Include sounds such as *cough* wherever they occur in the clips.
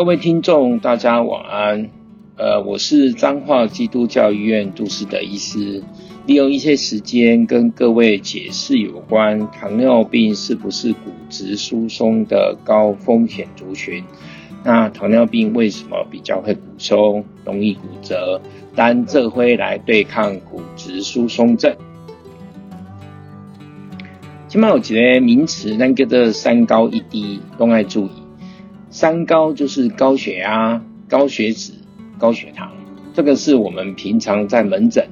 各位聽眾，大家晚安。呃，我是彰化基督教醫院杜思德醫師，利用一些時間跟各位解釋有關糖尿病是不是骨質疏鬆的高風險族群？那糖尿病為什麼比較會骨鬆，容易骨折？作伙來對抗骨質疏鬆症。起碼有幾類名詞，那叫做三高一低，都愛注意。三高就是高血壓、啊、高血脂、高血糖，這個是我們平常在門診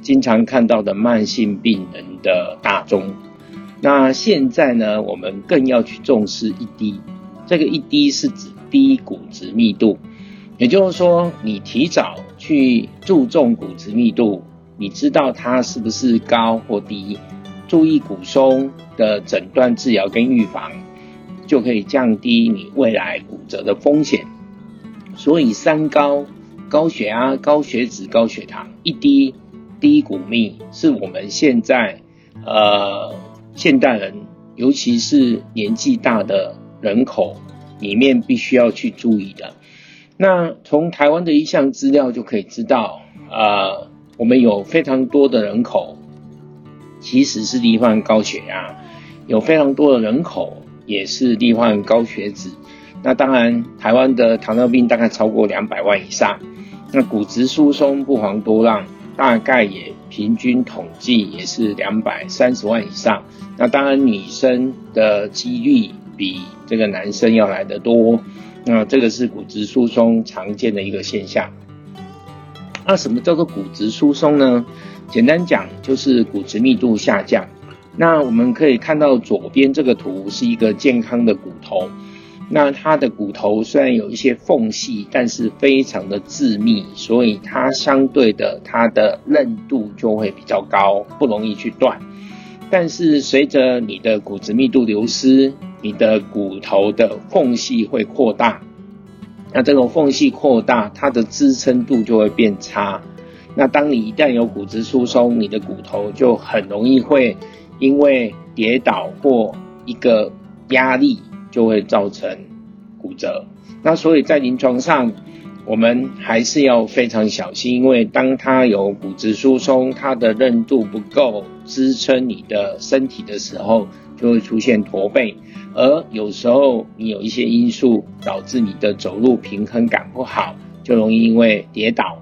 經常看到的慢性病人的大宗。那現在呢，我們更要去重視一低，這個一低是指低骨質密度，也就是說，你提早去注重骨質密度，你知道它是不是高或低，注意骨鬆的診斷、治療跟預防。就可以降低你未來骨折的風險，所以三高，高血壓、高血脂、高血糖，一低，低骨密，是我們現在呃現代人，尤其是年紀大的人口裡面必須要去注意的。那從台灣的一項資料就可以知道，呃，我們有非常多的人口其實是罹患高血壓，有非常多的人口，也是罹患高血脂，那當然，台灣的糖尿病大概超過兩百萬以上。那骨質疏鬆不遑多讓，大概也平均統計也是兩百三十萬以上。那當然，女生的幾率比這個男生要來得多。那這個是骨質疏鬆常見的一個現象。那什麼叫做骨質疏鬆呢？簡單講，就是骨質密度下降。那我們可以看到左邊這個圖是一個健康的骨頭，那它的骨頭雖然有一些縫隙，但是非常的致密，所以它相對的它的韌度就會比較高，不容易去斷。但是隨着你的骨質密度流失，你的骨頭的縫隙會擴大，那這種縫隙擴大，它的支撐度就會變差。那當你一旦有骨質疏鬆，你的骨頭就很容易會。因為跌倒或一個壓力就會造成骨折，那所以在臨床上我們還是要非常小心，因為當它有骨質疏鬆，它的韌度不夠支撐你的身體的時候，就會出現駝背，而有時候你有一些因素導致你的走路平衡感不好，就容易因為跌倒。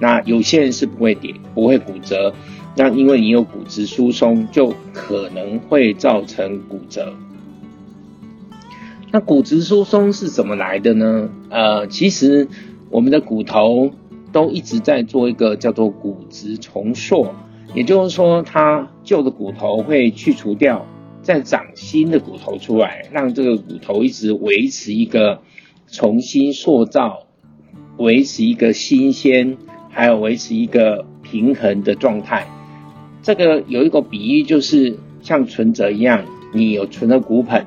那有些人是不會跌，不會骨折。那因為你有骨質疏鬆，就可能會造成骨折。那骨質疏鬆是怎麼來的呢？呃，其實我們的骨頭都一直在做一個叫做骨質重塑，也就是說，它舊的骨頭會去除掉，再長新的骨頭出來，讓這個骨頭一直維持一個重新塑造，維持一個新鮮，還有維持一個平衡的狀態。這個有一個比喻，就是像存折一樣，你有存的骨本，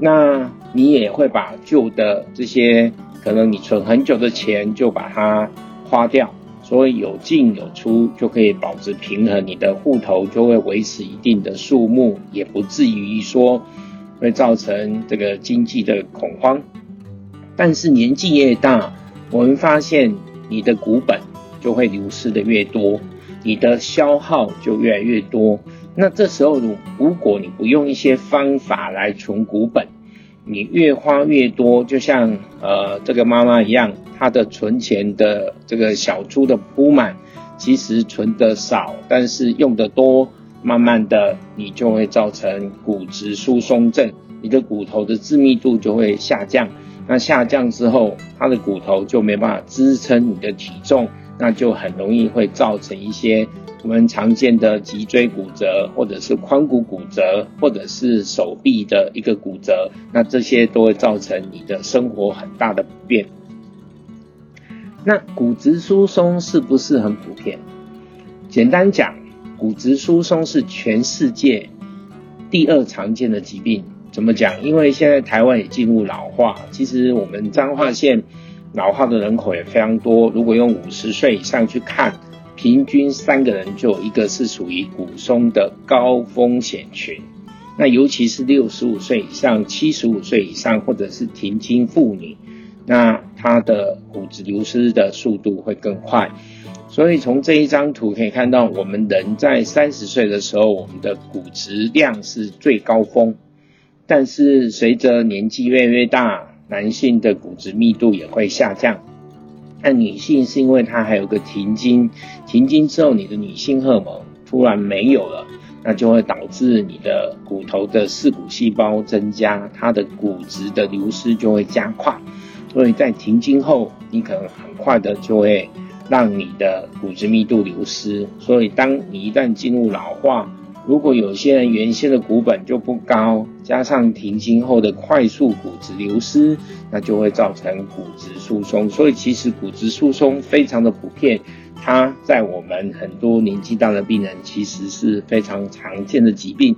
那你也會把舊的這些可能你存很久的錢就把它花掉，所以有進有出就可以保持平衡，你的戶頭就會維持一定的數目，也不至於說會造成這個經濟的恐慌。但是年紀越大，我們發現你的骨本就會流失的越多。你的消耗就越來越多，那這時候如如果你不用一些方法來存骨本，你越花越多，就像呃這個媽媽一樣，她的存錢的這個小豬的撲滿，其實存的少，但是用的多，慢慢的你就會造成骨質疏鬆症，你的骨頭的致密度就會下降，那下降之後，她的骨頭就沒辦法支撐你的體重。那就很容易會造成一些我們常見的脊椎骨折，或者是髖骨骨折，或者是手臂的一個骨折。那這些都會造成你的生活很大的不便。那骨質疏鬆是不是很普遍？簡單講，骨質疏鬆是全世界第二常見的疾病。怎麼講？因為現在台灣也進入老化，其實我們彰化縣。老化的人口也非常多。如果用五十歲以上去看，平均三個人就有一個是屬於骨鬆的高風險群。那尤其是六十五歲以上、七十五歲以上，或者是停經婦女，那她的骨質流失的速度會更快。所以從這一張圖可以看到，我們人在三十歲的時候，我們的骨質量是最高峰，但是隨着年紀越來越大。男性的骨質密度也會下降，但女性是因為她還有一個停經，停經之後你的女性荷爾蒙突然沒有了，那就會導致你的骨頭的噬骨細胞增加，它的骨質的流失就會加快，所以在停經後，你可能很快的就會讓你的骨質密度流失，所以當你一旦進入老化。如果有些人原先的骨本就不高，加上停經後的快速骨質流失，那就會造成骨質疏鬆。所以其實骨質疏鬆非常的普遍，它在我們很多年紀大的病人其實是非常常見的疾病。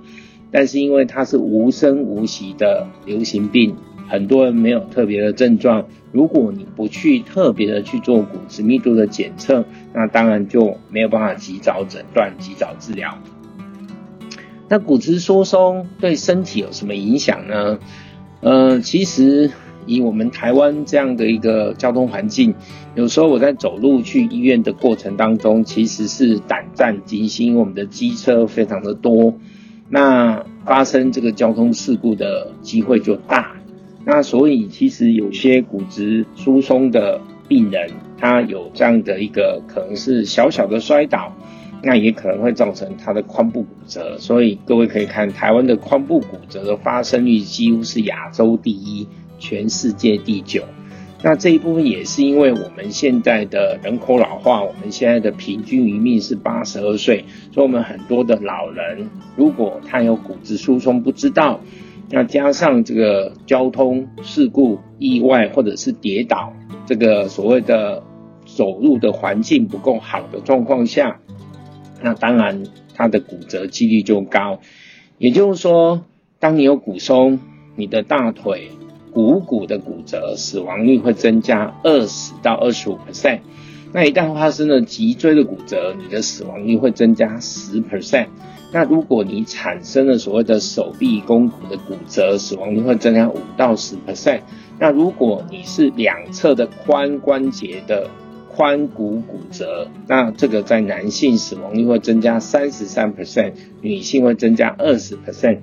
但是因為它是無聲無息的流行病，很多人沒有特別的症狀。如果你不去特別的去做骨質密度的檢測，那當然就沒有辦法及早診斷、及早治療。那骨質疏鬆對身體有什麼影響呢？呃，其實以我們台灣這樣的一個交通環境，有時候我在走路去醫院的過程當中，其實是膽戰驚心，因為我們的機車非常的多，那發生這個交通事故的機會就大。那所以其實有些骨質疏鬆的病人，他有這樣的一個可能是小小的摔倒。那也可能會造成他的髖部骨折，所以各位可以看台灣的髖部骨折的發生率幾乎是亞洲第一，全世界第九。那這一部分也是因為我們現在的人口老化，我們現在的平均餘命是八十二歲，所以我們很多的老人如果他有骨質疏鬆不知道，那加上這個交通事故、意外或者是跌倒，這個所謂的走路的環境不夠好的狀況下。那當然，它的骨折幾率就高。也就是說，當你有骨鬆，你的大腿股骨的骨折死亡率會增加二十到二十五 percent。那一旦發生了脊椎的骨折，你的死亡率會增加十 percent。那如果你產生了所謂的手臂肱骨的骨折，死亡率會增加五到十 percent。那如果你是兩側的髖關節的，髖骨骨折，那這個在男性死亡率會增加三十三 percent，女性會增加二十 percent。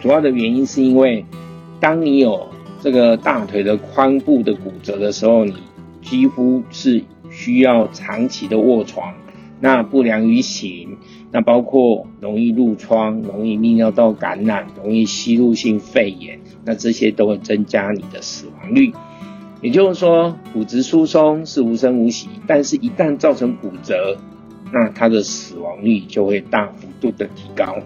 主要的原因是因為，當你有這個大腿的髖部的骨折的時候，你幾乎是需要長期的臥床，那不良於行，那包括容易褥瘡、容易泌尿道感染、容易吸入性肺炎，那這些都會增加你的死亡率。也就是說，骨質疏鬆是無聲無息，但是一旦造成骨折，那它的死亡率就會大幅度的提高。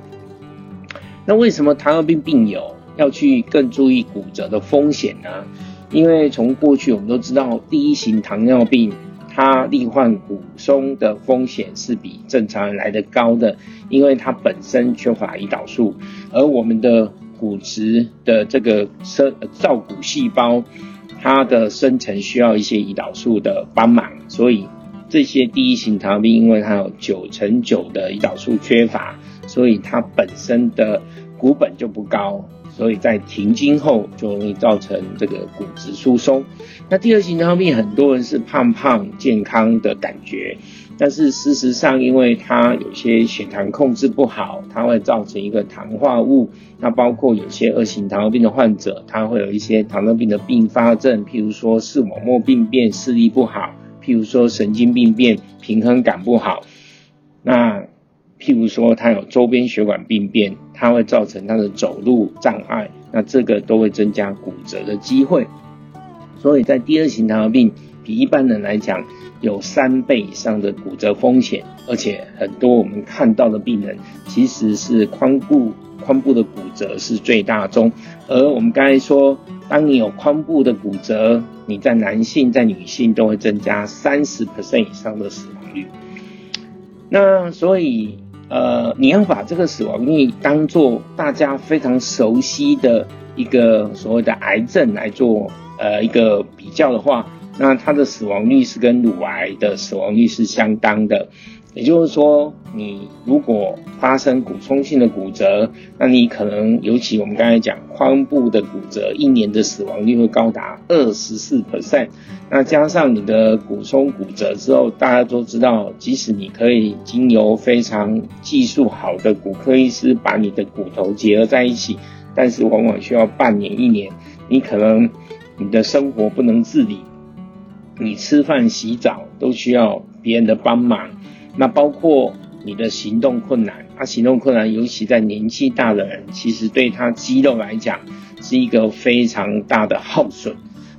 那為什麼糖尿病病友要去更注意骨折的風險呢？因為從過去我們都知道，第一型糖尿病它罹患骨鬆的風險是比正常人來得高的，因為它本身缺乏胰島素，而我們的骨質的這個生、呃、造骨細胞。它的生成需要一些胰島素的幫忙，所以這些第一型糖尿病，因為它有九成九的胰島素缺乏，所以它本身的骨本就不高，所以在停經後就容易造成這個骨質疏鬆。那第二型糖尿病，很多人是胖胖健康的感覺。但是事實上，因為它有些血糖控制不好，它會造成一個糖化物。那包括有些二型糖尿病的患者，他會有一些糖尿病的併發症，譬如說視網膜病變，視力不好；譬如說神經病變，平衡感不好。那譬如說他有周邊血管病變，他會造成他的走路障礙。那這個都會增加骨折的機會。所以在第二型糖尿病比一般人來講，有三倍以上的骨折風險，而且很多我們看到的病人其實是髖部髖部的骨折是最大宗，而我們剛才說，當你有髖部的骨折，你在男性在女性都會增加三十 percent 以上的死亡率。那所以，呃，你要把這個死亡率當做大家非常熟悉的一個所謂的癌症來做，呃，一個比較的話。那它的死亡率是跟乳癌的死亡率是相當的，也就是說，你如果發生骨鬆性的骨折，那你可能尤其我們剛才講髖部的骨折，一年的死亡率會高達24%。那加上你的骨鬆骨折之後，大家都知道，即使你可以經由非常技術好的骨科醫師把你的骨頭結合在一起，但是往往需要半年一年，你可能你的生活不能自理。你吃飯、洗澡都需要別人的幫忙，那包括你的行動困難。他、啊、行動困難，尤其在年紀大的人，其實對他肌肉來講是一個非常大的耗損。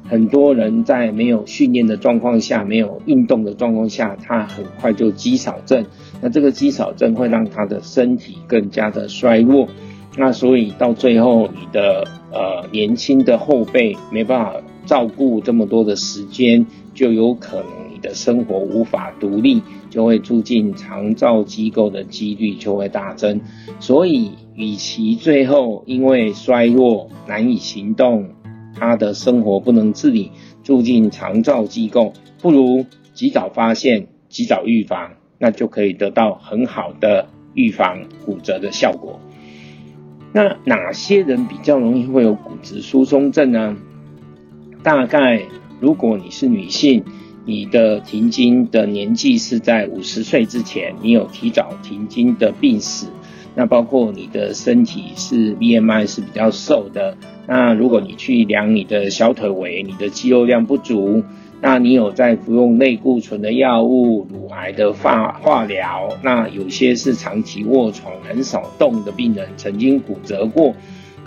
很多人在沒有訓練的狀況下、沒有運動的狀況下，他很快就肌少症。那這個肌少症會讓他的身體更加的衰弱。那所以到最後，你的呃年輕的後輩沒辦法照顧這麼多的時間。就有可能你的生活無法獨立，就會住進長照機構的幾率就會大增。所以，與其最後因為衰弱難以行動，他的生活不能自理，住進長照機構，不如及早發現、及早預防，那就可以得到很好的預防骨折的效果。那哪些人比較容易會有骨質疏鬆症呢？大概。如果你是女性，你的停經的年紀是在五十歲之前，你有提早停經的病史，那包括你的身體是 BMI 是比較瘦的，那如果你去量你的小腿圍，你的肌肉量不足，那你有在服用類固醇的藥物，乳癌的化化療，那有些是長期臥床很少動的病人，曾經骨折過。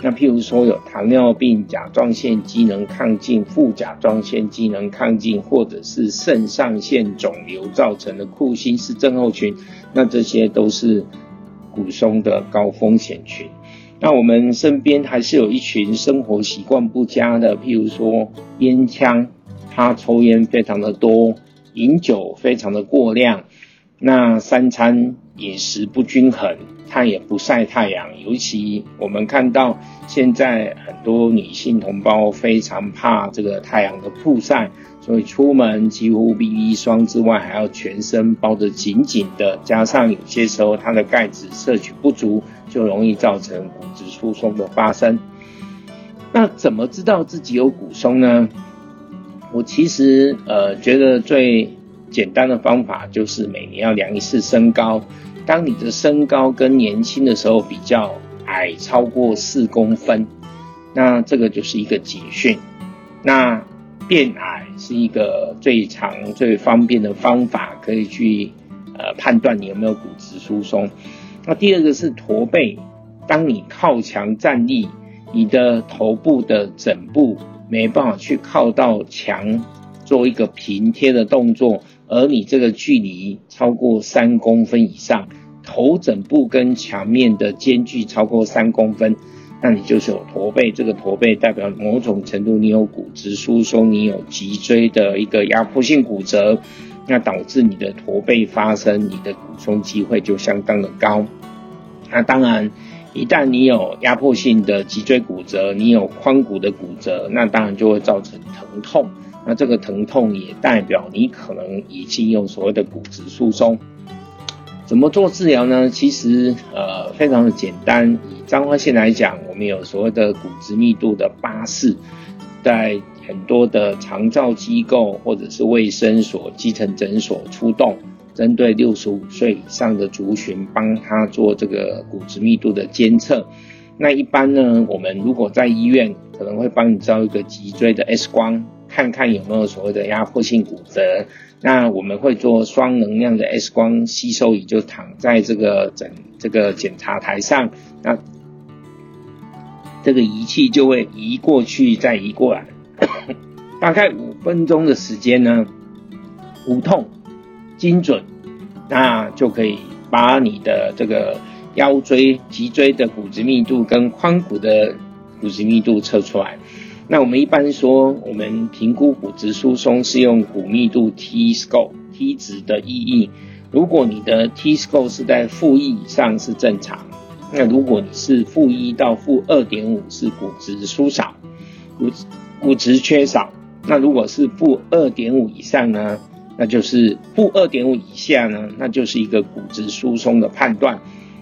那譬如說有糖尿病、甲狀腺機能亢進、副甲狀腺機能亢進，或者是腎上腺腫瘤造成的庫欣氏症候群，那這些都是骨鬆的高風險群。那我們身邊還是有一群生活習慣不佳的，譬如說菸槍，他抽菸非常的多，飲酒非常的過量，那三餐。飲食不均衡，它也不曬太陽。尤其我們看到現在很多女性同胞非常怕這個太陽的曝曬，所以出門幾乎 BB 霜之外還要全身包得緊緊的。加上有些時候它的鈣質攝取不足，就容易造成骨質疏鬆的發生。那怎麼知道自己有骨鬆呢？我其實呃覺得最。簡單的方法就是每年要量一次身高。當你的身高跟年輕的時候比較矮超過四公分，那這個就是一個警訊。那變矮是一個最長最方便的方法，可以去呃判斷你有沒有骨質疏鬆。那第二個是駝背，當你靠牆站立，你的頭部的枕部沒辦法去靠到牆，做一個平貼的動作，而你這個距離超過三公分以上，頭枕部跟牆面的間距超過三公分，那你就是有駝背。這個駝背代表某種程度你有骨質疏鬆，你有脊椎的一個壓迫性骨折，那導致你的駝背發生，你的骨鬆機會就相當的高。那當然，一旦你有壓迫性的脊椎骨折，你有髖骨的骨折，那當然就會造成疼痛。那這個疼痛也代表你可能已經有所謂的骨質疏鬆。怎麼做治療呢？其實呃非常的簡單。以彰化縣來講，我們有所謂的骨質密度的巴士，在很多的長照機構或者是衛生所基層診所出動，針對六十五歲以上的族群，幫他做這個骨質密度的監測。那一般呢，我們如果在醫院可能會幫你照一個脊椎的 X 光。看看有沒有所謂的壓迫性骨折。那我們會做雙能量的 X 光吸收儀，就躺在這個診這個檢查台上，那這個儀器就會移過去再移過來， *laughs* 大概五分鐘的時間呢，無痛、精準，那就可以把你的這個腰椎、脊椎的骨質密度跟髖骨的骨質密度測出來。那我們一般說，我們評估骨質疏鬆是用骨密度 T score T 值的意義。如果你的 T score 是在負一以上是正常，那如果你是負一到負二點五是骨質疏少，骨骨質缺少。那如果是負二點五以上呢，那就是負二點五以下呢，那就是一個骨質疏鬆的判斷。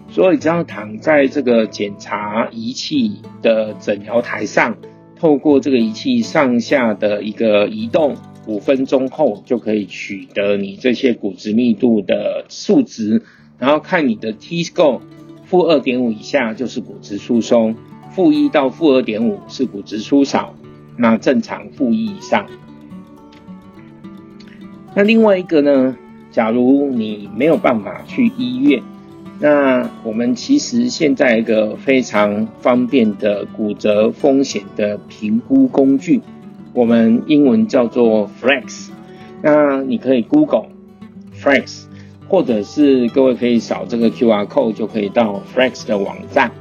所以只要躺在這個檢查儀器的診療台上。透過這個儀器上下的一個移動，五分鐘後就可以取得你這些骨質密度的數值，然後看你的 T score，負二點五以下就是骨質疏鬆，負一到負二點五是骨質疏少，那正常負一以上。那另外一個呢？假如你沒有辦法去醫院。那我們其實現在一個非常方便的骨折風險的評估工具，我們英文叫做 Flex。那你可以 Google Flex，或者是各位可以掃這個 QR code 就可以到 Flex 的網站。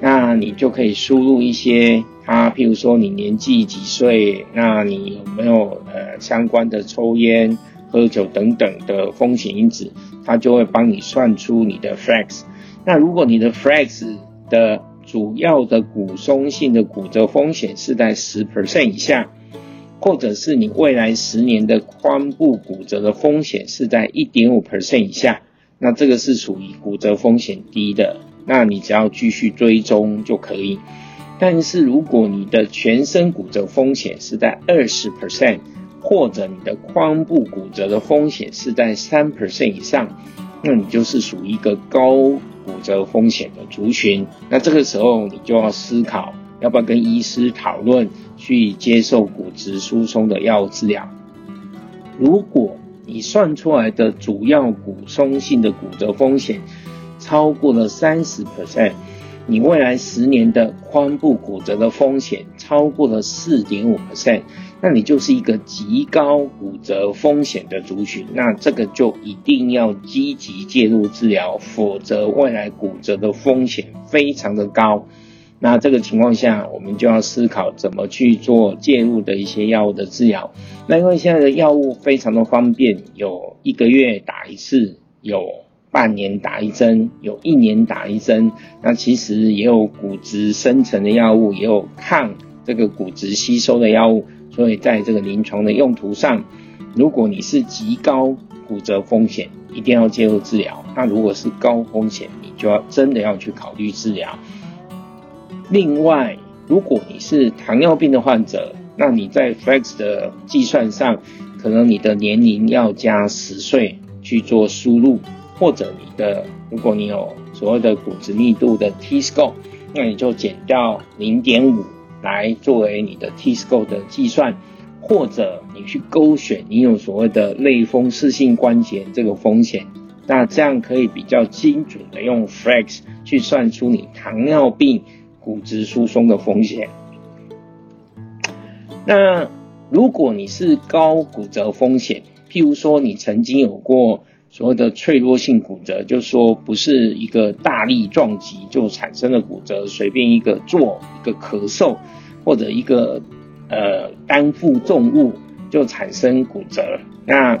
那你就可以輸入一些它，它譬如說你年紀幾歲，那你有沒有呃相關的抽煙、喝酒等等的風險因子。他就會幫你算出你的 FRAX。那如果你的 FRAX 的主要的骨鬆性的骨折風險是在十 percent 以下，或者是你未來十年的髖部骨折的風險是在一點五 percent 以下，那這個是屬於骨折風險低的，那你只要繼續追蹤就可以。但是如果你的全身骨折風險是在二十 percent，或者你的髖部骨折的風險是在三 percent 以上，那你就是屬於一個高骨折風險的族群。那這個時候你就要思考，要不要跟醫師討論去接受骨質疏鬆的藥物治療。如果你算出來的主要骨鬆性的骨折風險超過了三十 percent，你未來十年的髖部骨折的風險超過了四點五 percent，那你就是一個極高骨折風險的族群。那這個就一定要積極介入治療，否則未來骨折的風險非常的高。那這個情況下，我們就要思考怎麼去做介入的一些藥物的治療。那因為現在的藥物非常的方便，有一個月打一次，有。半年打一針，有一年打一針。那其實也有骨質生成的藥物，也有抗這個骨質吸收的藥物。所以在這個臨床的用途上，如果你是極高骨折風險，一定要介入治療。那如果是高風險，你就要真的要去考慮治療。另外，如果你是糖尿病的患者，那你在 Flex 的計算上，可能你的年齡要加十歲去做輸入。或者你的，如果你有所謂的骨質密度的 T score，那你就減掉零點五來作為你的 T score 的計算，或者你去勾選你有所謂的類風濕性關節這個風險，那這樣可以比較精準的用 Flex 去算出你糖尿病骨質疏鬆的風險。那如果你是高骨折風險，譬如說你曾經有過。所謂的脆弱性骨折，就說不是一個大力撞擊就產生了骨折，隨便一個坐、一個咳嗽或者一個呃擔負重物就產生骨折。那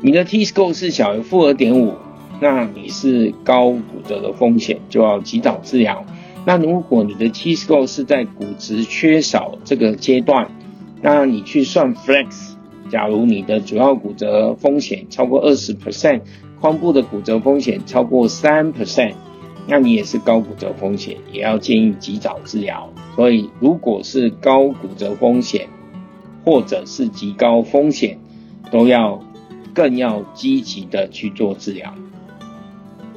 你的 T-score 是小於負二點五，那你是高骨折的風險，就要及早治療。那如果你的 T-score 是在骨質缺少這個階段，那你去算 Flex。假如你的主要骨折風險超過二十 percent，髖部的骨折風險超過三 percent，那你也是高骨折風險，也要建議及早治療。所以，如果是高骨折風險，或者是極高風險，都要更要積極的去做治療。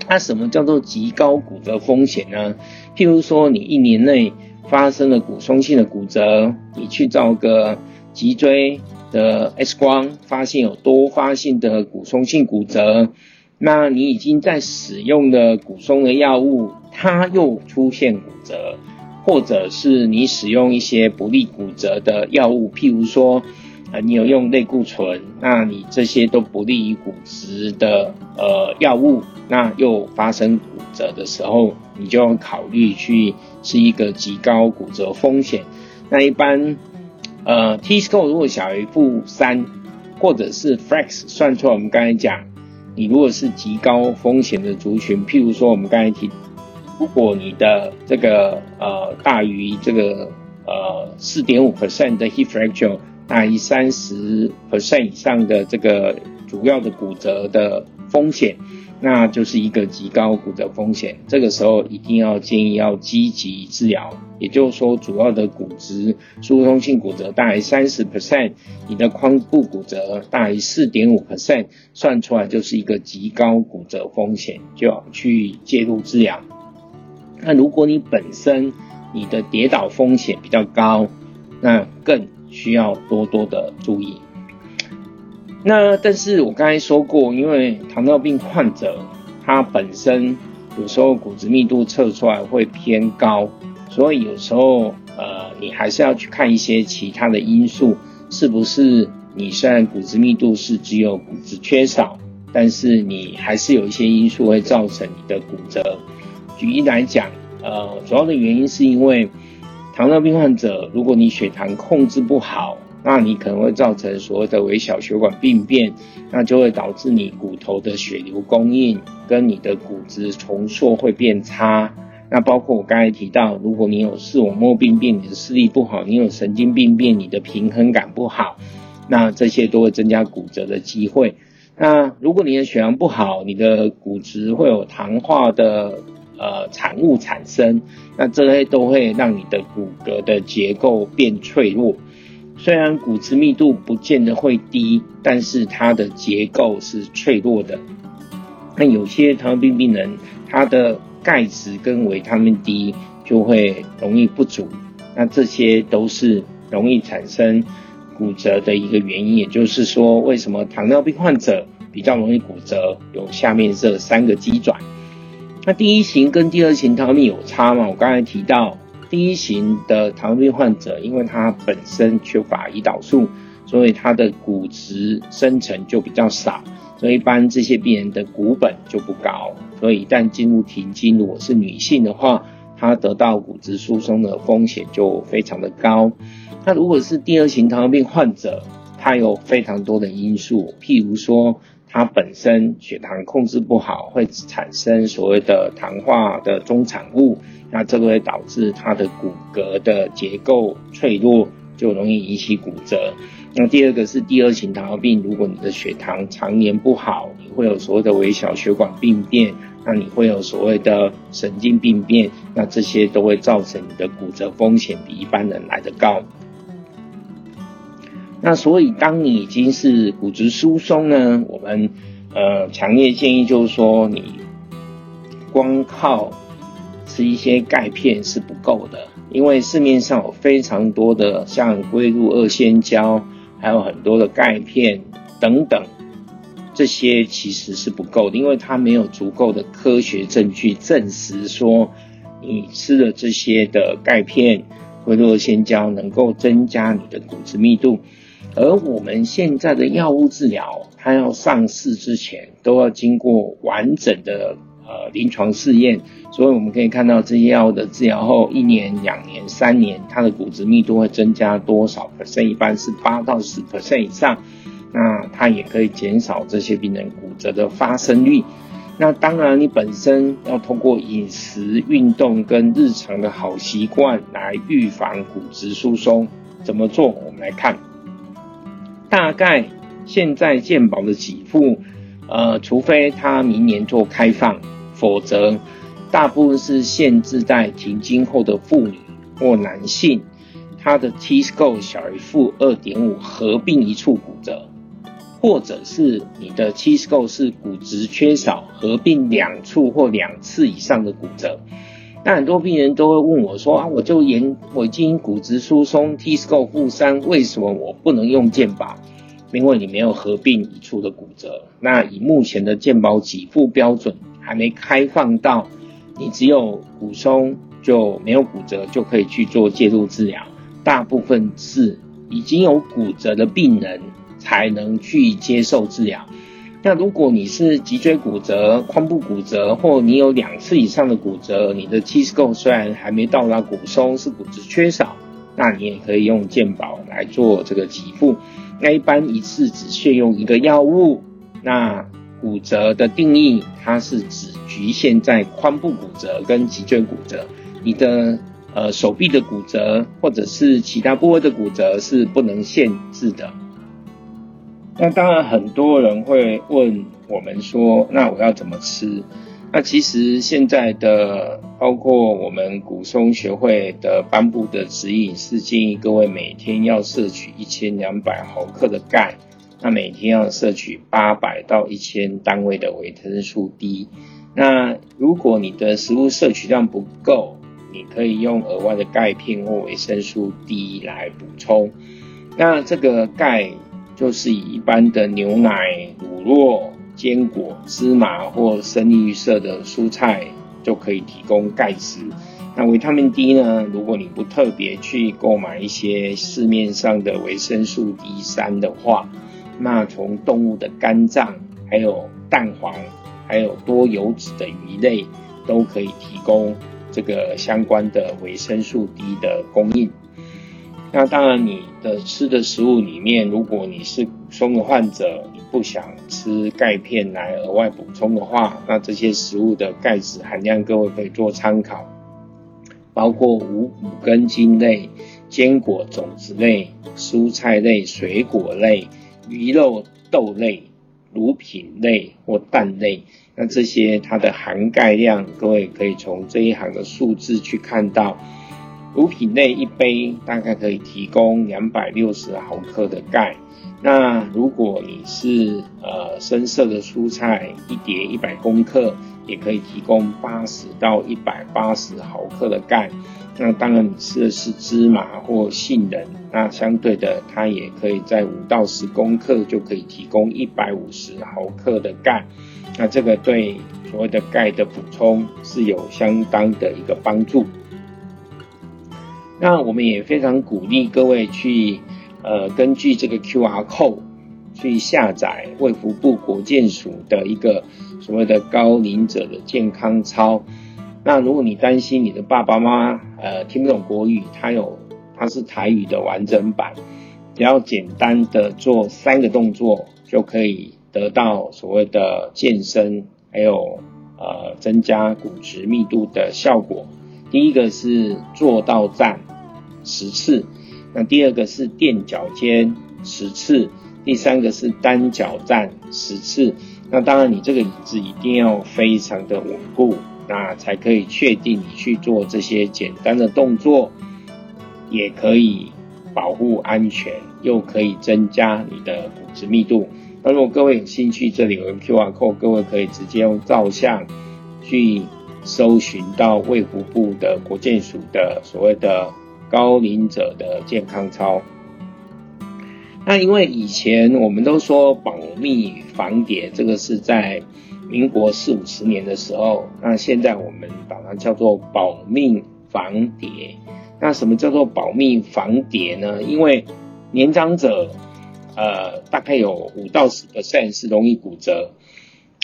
那什麼叫做極高骨折風險呢？譬如說，你一年內發生了骨鬆性的骨折，你去照個脊椎。的 X 光發現有多發性的骨鬆性骨折，那你已經在使用的骨鬆的藥物，它又出現骨折，或者是你使用一些不利骨折的藥物，譬如說，你有用類固醇，那你這些都不利於骨質的呃藥物，那又發生骨折的時候，你就要考慮去是一個極高骨折風險，那一般。呃，T score 如果小於負三，或者是 FRAX 算出來我們剛才講，你如果是極高風險的族群，譬如說我們剛才提，如果你的這個呃大於這個呃四點五 percent 的 Hip Fracture 大於三十 percent 以上的這個主要的骨折的風險。那就是一個極高骨折風險，這個時候一定要建議要積極治療。也就是說，主要的骨質，疏鬆性骨折大於三十 percent，你的髖部骨折大於四點五 percent，算出來就是一個極高骨折風險，就要去介入治療。那如果你本身你的跌倒風險比較高，那更需要多多的注意。那但是，我剛才說過，因為糖尿病患者他本身有時候骨質密度測出來會偏高，所以有時候呃，你還是要去看一些其他的因素，是不是？你雖然骨質密度是只有骨質缺少，但是你還是有一些因素會造成你的骨折。舉例來講，呃，主要的原因是因為糖尿病患者，如果你血糖控制不好，那你可能會造成所謂的微小血管病變，那就會導致你骨頭的血流供應跟你的骨質重塑會變差。那包括我剛才提到，如果你有視網膜病變，你的視力不好；你有神經病變，你的平衡感不好，那這些都會增加骨折的機會。那如果你的血糖不好，你的骨質會有糖化的，呃，產物產生，那這些都會讓你的骨骼的結構變脆弱。雖然骨質密度不見得會低，但是它的結構是脆弱的。那有些糖尿病病人，他的鈣質跟維他命 D 就會容易不足，那這些都是容易產生骨折的一個原因。也就是說，為什麼糖尿病患者比較容易骨折？有下面這三個機轉。那第一型跟第二型糖尿病有差嗎？我剛才提到。第一型的糖尿病患者，因為他本身缺乏胰島素，所以他的骨質生成就比較少，所以一般這些病人的骨本就不高，所以一旦進入停經，如果是女性的話，她得到骨質疏鬆的風險就非常的高。那如果是第二型糖尿病患者，他有非常多的因素，譬如說。它本身血糖控制不好，會產生所謂的糖化的終產物，那這個會導致它的骨骼的結構脆弱，就容易引起骨折。那第二個是第二型糖尿病，如果你的血糖常年不好，你會有所謂的微小血管病變，那你會有所謂的神經病變，那這些都會造成你的骨折風險比一般人來得高。那所以，當你已經是骨質疏鬆呢，我們呃強烈建議就是說，你光靠吃一些鈣片是不夠的，因為市面上有非常多的像龜鹿二仙膠，還有很多的鈣片等等，這些其實是不夠的，因為它沒有足夠的科學證據證實說你吃了這些的鈣片、龜鹿二仙膠能夠增加你的骨質密度。而我們現在的藥物治療，它要上市之前都要經過完整的呃臨床試驗，所以我們可以看到這些藥物的治療後，一年、兩年、三年，它的骨質密度會增加多少 percent，一般是八到十 percent 以上，那它也可以減少這些病人骨折的發生率。那當然，你本身要通過飲食、運動跟日常的好習慣來預防骨質疏鬆。怎麼做？我們來看。大概現在健保的給付，呃，除非他明年做開放，否則大部分是限制在停經後的婦女或男性，他的 T-score 小於負二點五，合併一處骨折，或者是你的 T-score 是骨質缺少，合併兩處或兩次以上的骨折。那很多病人都會問我說啊，我就嚴我已經骨質疏鬆，T-score 負三，為什麼我不能用健保？因為你沒有合併一處的骨折。那以目前的健保給付標準，還沒開放到，你只有骨鬆就沒有骨折就可以去做介入治療。大部分是已經有骨折的病人才能去接受治療。那如果你是脊椎骨折、髖部骨折，或你有兩次以上的骨折，你的 T-score 雖然還沒到達骨鬆是骨質缺少，那你也可以用健保來做這個給付。那一般一次只限用一個藥物。那骨折的定義，它是只局限在髖部骨折跟脊椎骨折，你的呃手臂的骨折或者是其他部位的骨折是不能限制的。那當然，很多人會問我們說：“那我要怎麼吃？”那其實現在的包括我們骨鬆學會的頒布的指引是建議各位每天要攝取一千兩百毫克的鈣，那每天要攝取八百到一千單位的維生素 D。那如果你的食物攝取量不夠，你可以用額外的鈣片或維生素 D 來補充。那這個鈣，就是以一般的牛奶、乳酪、堅果、芝麻或深綠色的蔬菜就可以提供鈣質。那維他命 D 呢？如果你不特別去購買一些市面上的維生素 D 三的話，那從動物的肝臟、還有蛋黃、還有多油脂的魚類都可以提供這個相關的維生素 D 的供應。那當然，你的吃的食物裡面，如果你是骨鬆的患者，你不想吃鈣片來額外補充的話，那這些食物的鈣質含量，各位可以做參考，包括五穀根莖類、堅果種子類、蔬菜類、水果類、魚肉、豆類、乳品類或蛋類，那這些它的含鈣量，各位可以從這一行的數字去看到。乳品類一杯大概可以提供兩百六十毫克的鈣。那如果你是呃深色的蔬菜一碟，一百公克，也可以提供八十到一百八十毫克的鈣。那當然你吃的是芝麻或杏仁，那相對的它也可以在五到十公克就可以提供一百五十毫克的鈣。那這個對所謂的鈣的補充是有相當的一個幫助。那我們也非常鼓勵各位去，呃，根據這個 QR code 去下載衛福部國健署的一個所謂的高齡者的健康操。那如果你擔心你的爸爸媽媽，呃，聽不懂國語，它有它是台語的完整版，只要簡單的做三個動作，就可以得到所謂的健身，還有呃增加骨質密度的效果。第一個是坐到站十次，那第二個是墊腳尖十次，第三個是單腳站十次。那當然，你這個椅子一定要非常的穩固，那才可以確定你去做這些簡單的動作，也可以保護安全，又可以增加你的骨質密度。那如果各位有興趣，這裡有個 QR code，各位可以直接用照相去搜尋到衛福部的國健署的所謂的高齡者的健康操。那因為以前我們都說保密防諜，這個是在民國四五十年的時候。那現在我們把它叫做保密防跌。那什麼叫做保密防跌呢？因為年長者，呃，大概有五到十 percent 是容易骨折。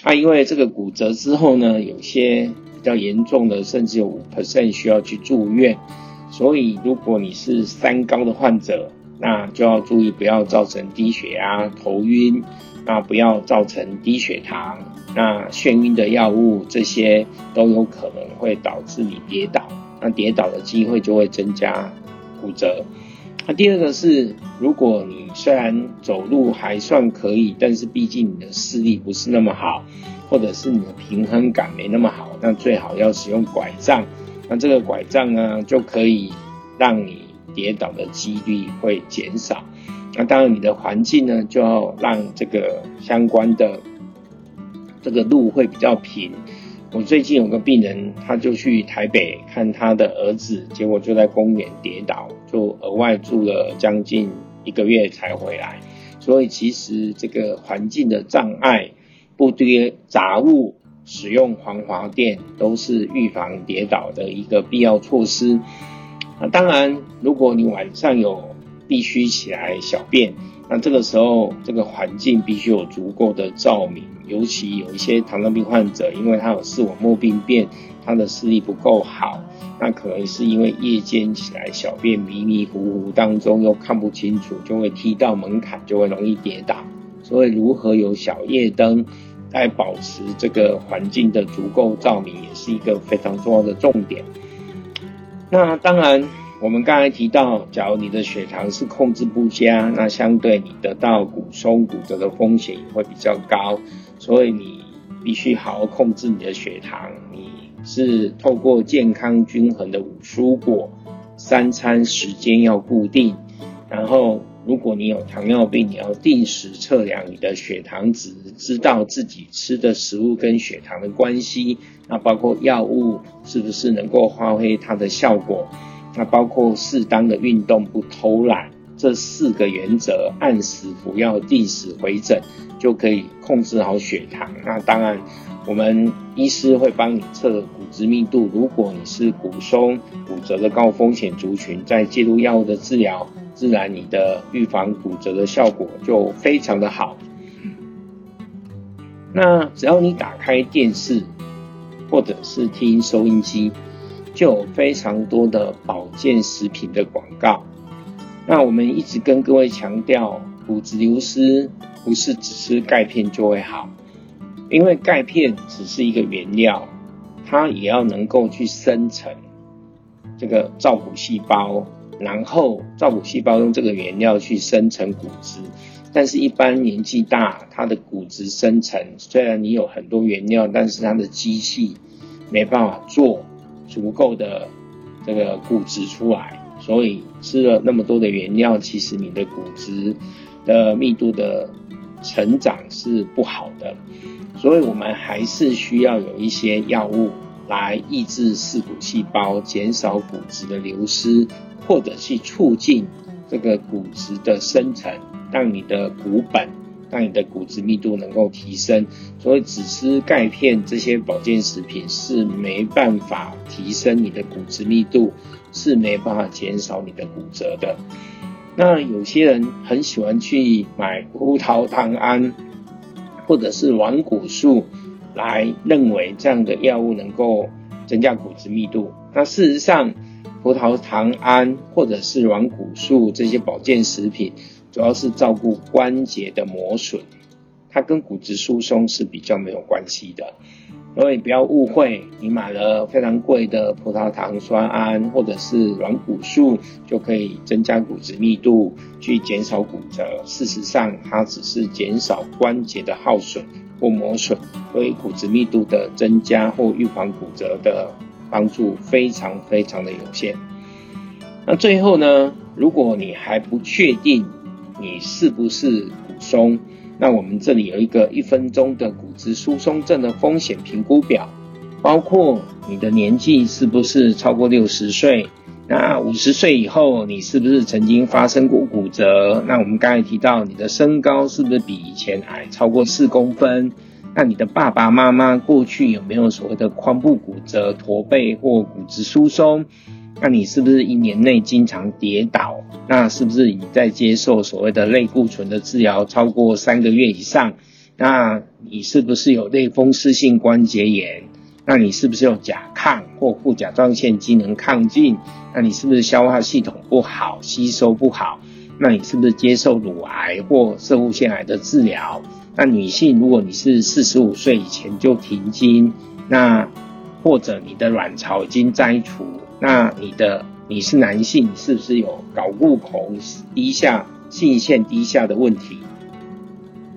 那、啊、因為這個骨折之後呢，有些比較嚴重的，甚至有五 percent 需要去住院。所以，如果你是三高的患者，那就要注意，不要造成低血壓、頭暈，那不要造成低血糖，那眩暈的藥物這些都有可能會導致你跌倒，那跌倒的機會就會增加骨折。那、啊、第二個是，如果你雖然走路還算可以，但是畢竟你的視力不是那麼好，或者是你的平衡感沒那麼好，那最好要使用拐杖。那這個拐杖呢，就可以讓你跌倒的幾率會減少。那當然，你的環境呢，就要讓這個相關的這個路會比較平。我最近有個病人，他就去台北看他的兒子，結果就在公園跌倒，就額外住了將近一個月才回來。所以其實這個環境的障礙、不堆雜物、使用防滑墊，都是預防跌倒的一個必要措施。啊，當然，如果你晚上有必須起來小便，那這個時候這個環境必須有足夠的照明。尤其有一些糖尿病患者，因為他有視網膜病變，他的視力不夠好，那可能是因為夜間起來小便迷迷糊糊當中又看不清楚，就會踢到門檻，就會容易跌倒。所以，如何有小夜燈來保持這個環境的足夠照明，也是一個非常重要的重點。那當然。我們剛才提到，假如你的血糖是控制不佳，那相對你得到骨鬆骨折的風險也會比較高，所以你必須好好控制你的血糖。你是透過健康均衡的五蔬果，三餐時間要固定。然後，如果你有糖尿病，你要定時測量你的血糖值，知道自己吃的食物跟血糖的關係。那包括藥物是不是能夠發揮它的效果？那包括適當的運動、不偷懶這四個原則，按時服藥、定時回診，就可以控制好血糖。那當然，我們醫師會幫你測骨質密度。如果你是骨鬆骨折的高風險族群，在介入藥物的治療，自然你的預防骨折的效果就非常的好。那只要你打開電視，或者是聽收音機。就有非常多的保健食品的廣告。那我們一直跟各位強調，骨質流失不是只吃鈣片就會好，因為鈣片只是一個原料，它也要能夠去生成這個造骨細胞，然後造骨細胞用這個原料去生成骨質。但是一般年紀大，它的骨質生成雖然你有很多原料，但是它的機器沒辦法做足夠的這個骨質出來，所以吃了那麼多的原料，其實你的骨質的密度的成長是不好的，所以我們還是需要有一些藥物來抑制噬骨細胞，減少骨質的流失，或者去促進這個骨質的生成，讓你的骨本。讓你的骨質密度能夠提升，所以只吃鈣片這些保健食品是沒辦法提升你的骨質密度，是沒辦法減少你的骨折的。那有些人很喜歡去買葡萄糖胺或者是軟骨素，來認為這樣的藥物能夠增加骨質密度。那事實上，葡萄糖胺或者是軟骨素這些保健食品。主要是照顧關節的磨損，它跟骨質疏鬆是比較沒有關係的。所以不要誤會，你買了非常貴的葡萄糖酸胺或者是軟骨素就可以增加骨質密度，去減少骨折。事實上，它只是減少關節的耗損或磨損，所以骨質密度的增加或預防骨折的幫助非常非常的有限。那最後呢，如果你還不確定，你是不是骨鬆？那我們這裡有一個一分鐘的骨質疏鬆症的風險評估表，包括你的年紀是不是超過六十歲？那五十歲以後你是不是曾經發生過骨折？那我們剛才提到你的身高是不是比以前矮超過四公分？那你的爸爸媽媽過去有沒有所謂的髖部骨折、駝背或骨質疏鬆？那你是不是一年內經常跌倒？那是不是你在接受所謂的類固醇的治療超過三個月以上？那你是不是有類風濕性關節炎？那你是不是有甲亢或副甲狀腺機能亢進？那你是不是消化系統不好，吸收不好？那你是不是接受乳癌或攝護腺癌的治療？那女性，如果你是四十五歲以前就停經，那或者你的卵巢已經摘除？那你的你是男性，你是不是有睪固酮低下、性腺低下的問題？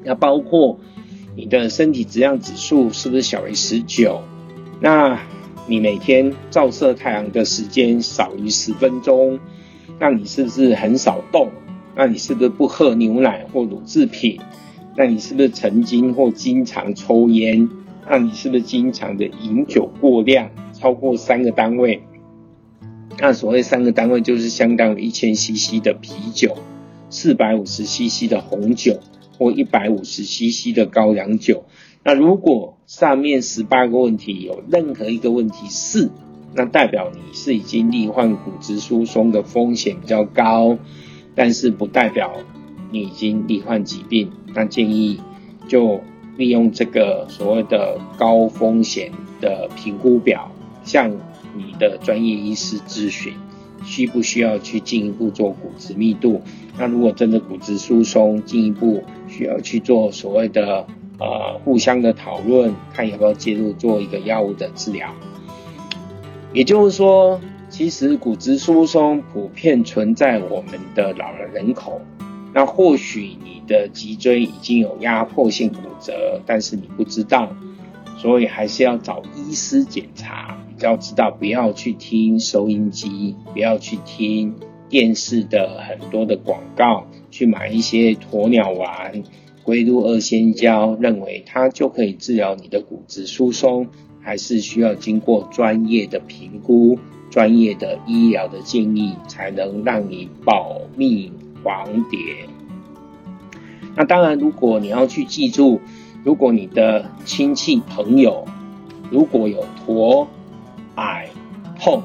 那包括你的身體質量指數是不是小於十九？那你每天照射太陽的時間少於十分鐘？那你是不是很少動？那你是不是不喝牛奶或乳製品？那你是不是曾經或經常抽煙？那你是不是經常的飲酒過量，超過三個單位？那所謂三個單位就是相當於一千 CC 的啤酒，四百五十 CC 的紅酒或一百五十 CC 的高粱酒。那如果上面十八個問題有任何一個問題是，那代表你是已經罹患骨質疏鬆的風險比較高，但是不代表你已經罹患疾病。那建議就利用這個所謂的高風險的評估表，像你的專業醫師諮詢，需不需要去進一步做骨質密度？那如果真的骨質疏鬆，進一步需要去做所謂的呃互相的討論，看要不要介入做一個藥物的治療。也就是說，其實骨質疏鬆普遍存在我們的老人人口。那或許你的脊椎已經有壓迫性骨折，但是你不知道，所以還是要找醫師檢查。要知道，不要去聽收音機，不要去聽電視的很多的廣告，去買一些鴕鳥丸、龜鹿二仙膠，認為它就可以治療你的骨質疏鬆，還是需要經過專業的評估、專業的醫療的建議，才能讓你保密防諜。那當然，如果你要去記住，如果你的親戚朋友如果有駝，痛，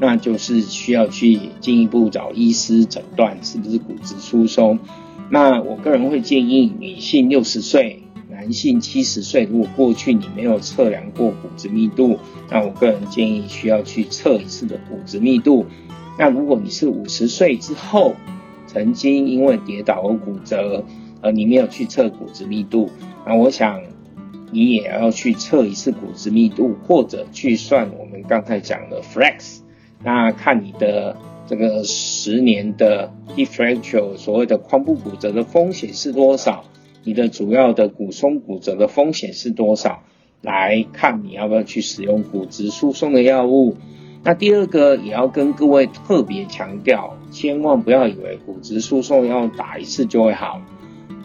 那就是需要去進一步找醫師診斷，是不是骨質疏鬆？那我個人會建議，女性六十歲，男性七十歲，如果過去你沒有測量過骨質密度，那我個人建議需要去測一次的骨質密度。那如果你是五十歲之後，曾經因為跌倒而骨折，而你沒有去測骨質密度，那我想。你也要去測一次骨質密度，或者去算我們剛才講的 FRAX，那看你的這個十年的 hip fracture，所謂的髖部骨折的風險是多少，你的主要的骨鬆骨折的風險是多少，來看你要不要去使用骨質疏鬆的藥物。那第二個也要跟各位特別強調，千萬不要以為骨質疏鬆要打一次就會好。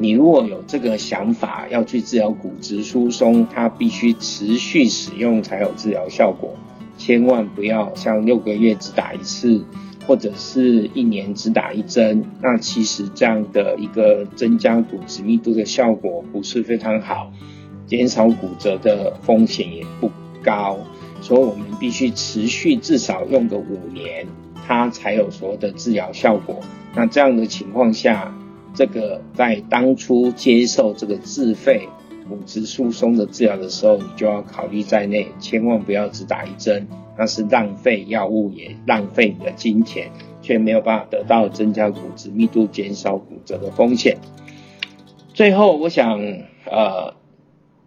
你如果有這個想法要去治療骨質疏鬆，它必須持續使用才有治療效果，千萬不要像六個月只打一次，或者是一年只打一針。那其實這樣的一個增加骨質密度的效果不是非常好，減少骨折的風險也不高。所以我們必須持續至少用個五年，它才有所謂的治療效果。那這樣的情況下。這個在當初接受這個自費骨質疏鬆的治療的時候，你就要考慮在內，千萬不要只打一針，那是浪費藥物也浪費你的金錢，卻沒有辦法得到增加骨質密度、減少骨折的風險。最後，我想呃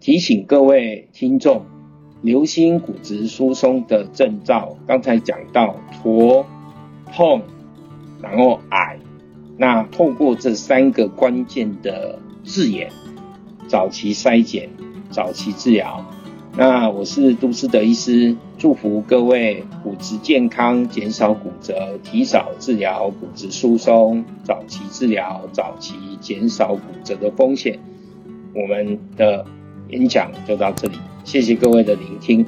提醒各位聽眾，留心骨質疏鬆的症兆，剛才講到駝、痛，然後矮。那透過這三個關鍵的字眼，早期篩檢、早期治療。那我是杜思德醫師，祝福各位骨質健康，減少骨折，提早治療骨質疏鬆，早期治療，早期減少骨折的風險。我們的演講就到這裡，謝謝各位的聆聽。